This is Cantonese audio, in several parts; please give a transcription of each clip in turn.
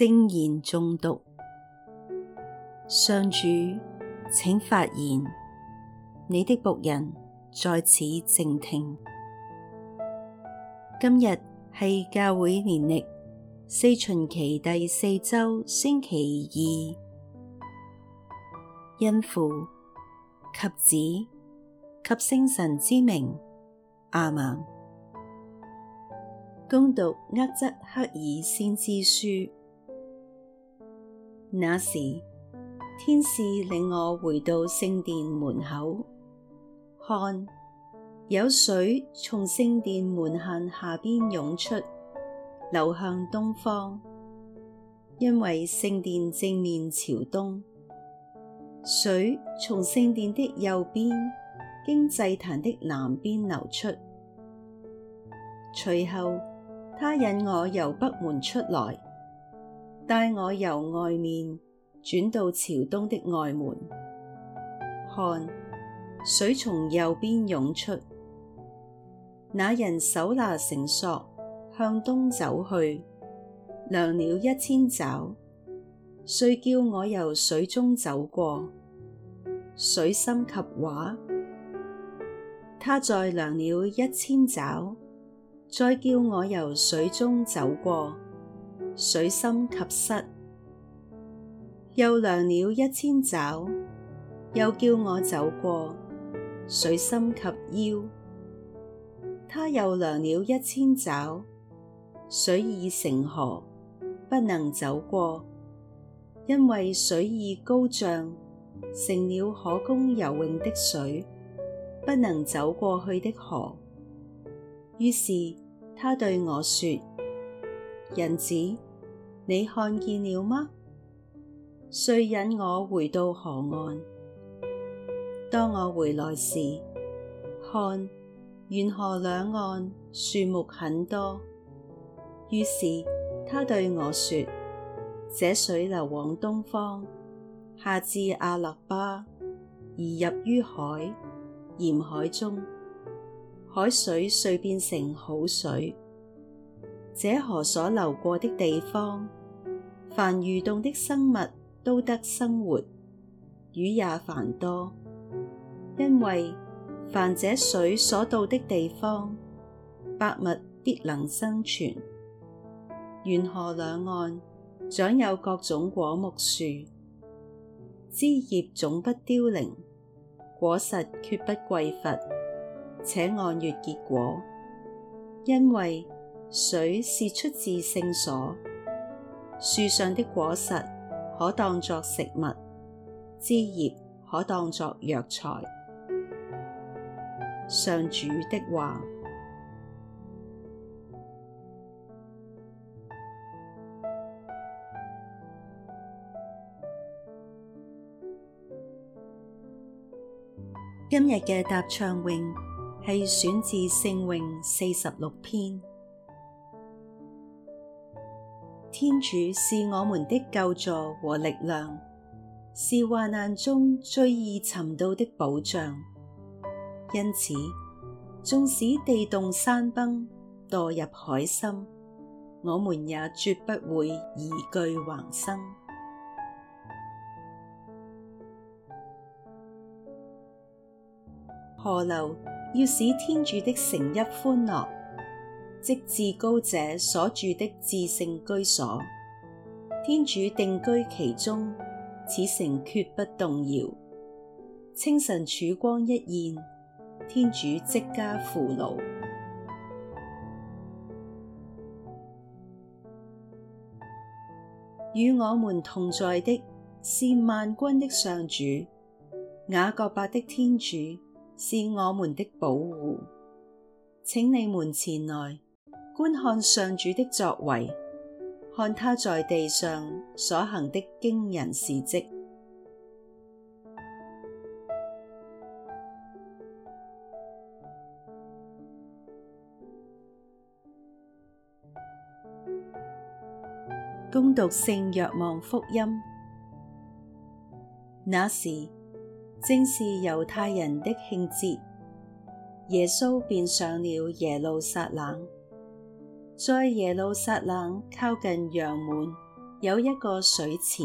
聖言誦讀，上主，請發言，你的僕人在此靜聽。今日係教會年曆四旬期第四周星期二，因父及子及聖神之名，阿們。恭讀厄則克耳先知書。那時，天使領我回到聖殿門口，看有水從聖殿門限下邊湧出，流向東方，因為聖殿正面朝東。水從聖殿的右邊，經祭壇的南邊流出。隨後，他引我由北門出來。帶我由外面轉到朝東的外門，看水從右邊湧出。那人手拿繩索向東走去，量了一千肘，遂叫我由水中走過。水深及踝，他再量了一千肘，再叫我由水中走過。水深及膝，又量了一千肘，又叫我走過。水深及腰，他又量了一千肘。水已成河，不能走過，因為水已高漲，成了可供游泳的水，不能走過去的河。於是他對我說：「人子。」你看見了嗎？遂引我回到河岸。當我回來時，看，沿河兩岸，樹木很多。於是他對我說：這水流往東方，下至阿辣巴，而入於海鹽海中。海水遂變成好水。這河所流過的地方，凡蠕動的生物都得生活，魚也繁多，因為凡這水所到的地方，百物必能生存。沿河兩岸長有各種果木樹，枝葉總不凋零，果實決不匱乏，且按月結果，因為水是出自聖所。樹上的果實可當作食物，枝葉可當作藥材。上主的話：今日嘅答唱詠係選自聖詠四十六篇。天主是我們的救助和力量，是患難中最易尋到的保障。因此，縱使地動山崩，墮入海深，我們也絕不會疑懼橫生。河流要使天主的城邑歡樂。即至高者所住的至聖居所，天主定居其中，此城決不動搖。清晨曙光一現，天主即加扶牢。與我們同在的是萬軍的上主，雅各伯的天主是我們的保護。請你們前來。觀看上主的作為，看他在地上所行的驚人事蹟。恭讀聖若望福音，那時正是猶太人的慶節，耶穌便上了耶路撒冷。在耶路撒冷靠近羊門有一個水池，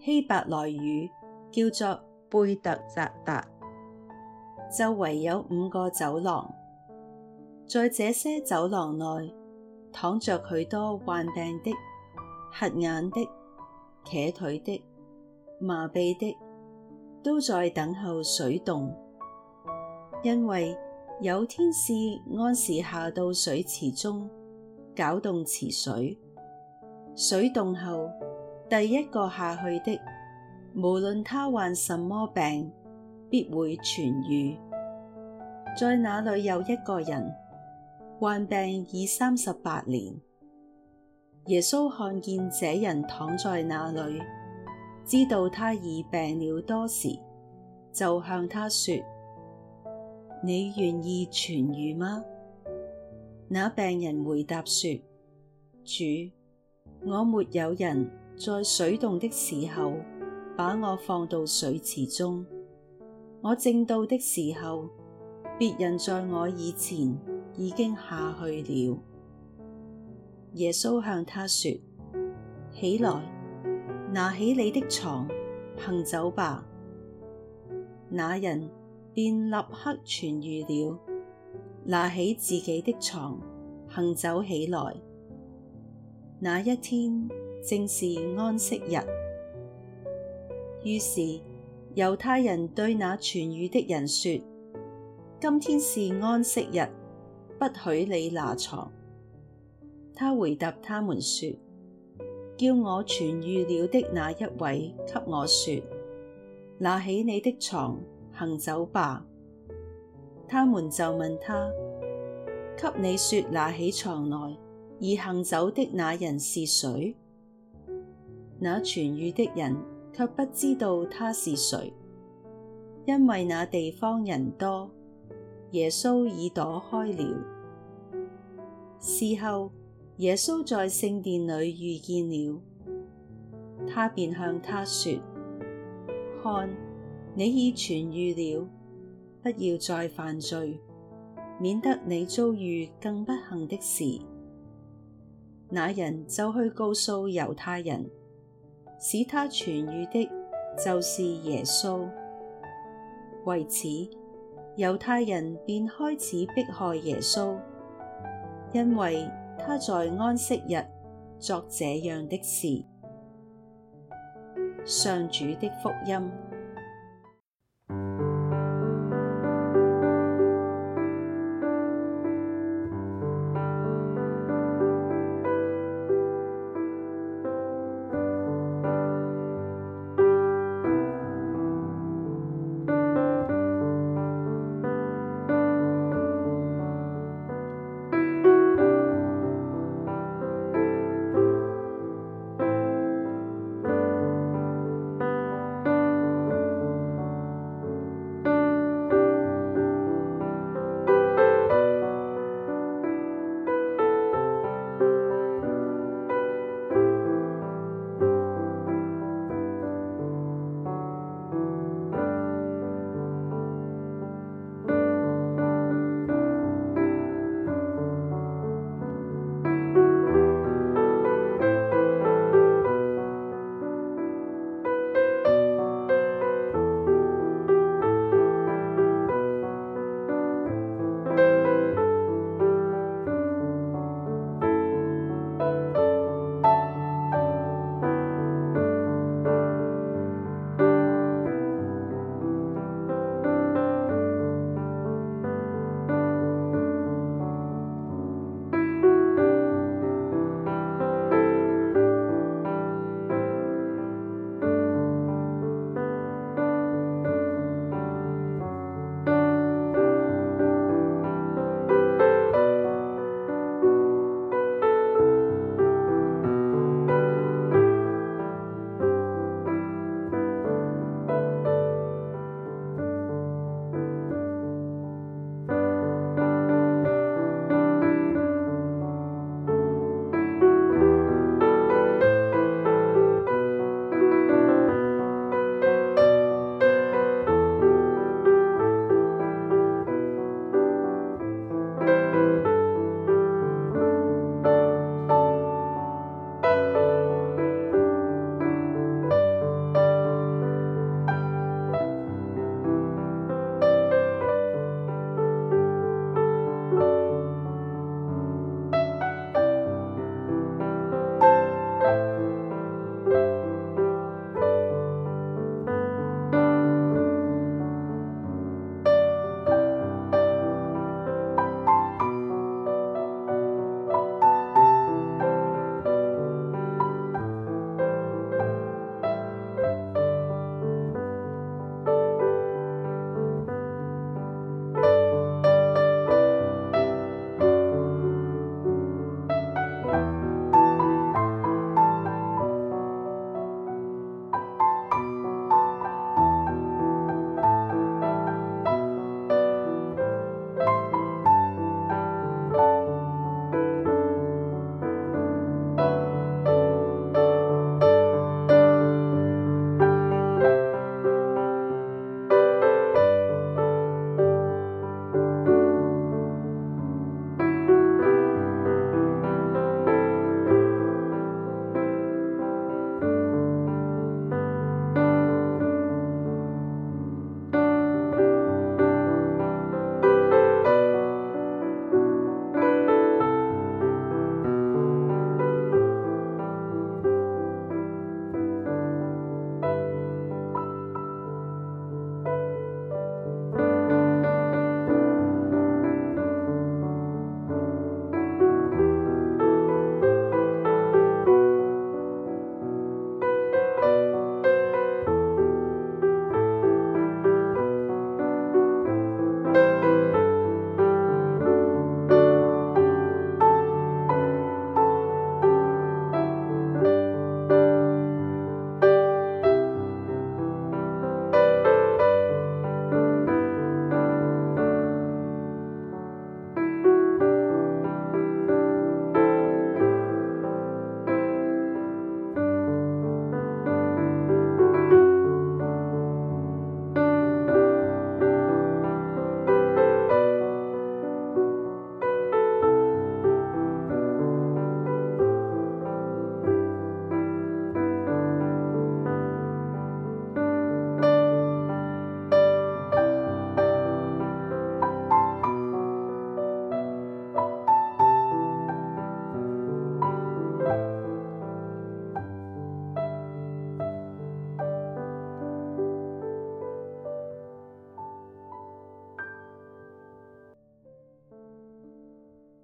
希伯來語叫做貝特匝達，周圍有五個走廊。在這些走廊內躺着許多患病的、瞎眼的、瘸腿的、麻痹的，都在等候水動，因為有天使按時下到水池中。攪動池水，水動後第一個下去的，無論他患什麼病，必會痊愈。在那裏有一個人患病已三十八年，耶穌看見這人躺在那裏，知道他已病了多時，就向他說：你願意痊愈嗎？那病人回答說：主，我沒有人在水凍的時候，把我放到水池中，我正到的時候，別人在我以前已經下去了。耶穌向他說：起來，拿起你的床，行走吧。那人便立刻痊愈了。拿起自己的床行走起來。那一天正是安息日。於是猶太人對那痊愈的人說：今天是安息日，不許你拿床。他回答他們說：叫我痊愈了的那一位，給我說：拿起你的床行走吧。他們就問他：給你說，拿起床來而行走的那人是誰？那痊愈的人卻不知道他是誰，因為那地方人多，耶穌已躲開了。事後，耶穌在聖殿裏遇見了，他便向他說：看，你已痊愈了。不要再犯罪，免得你遭遇更不幸的事。那人就去告訴猶太人，使他痊愈的，就是耶穌。為此，猶太人便開始迫害耶穌，因為他在安息日作這樣的事。上主的福音。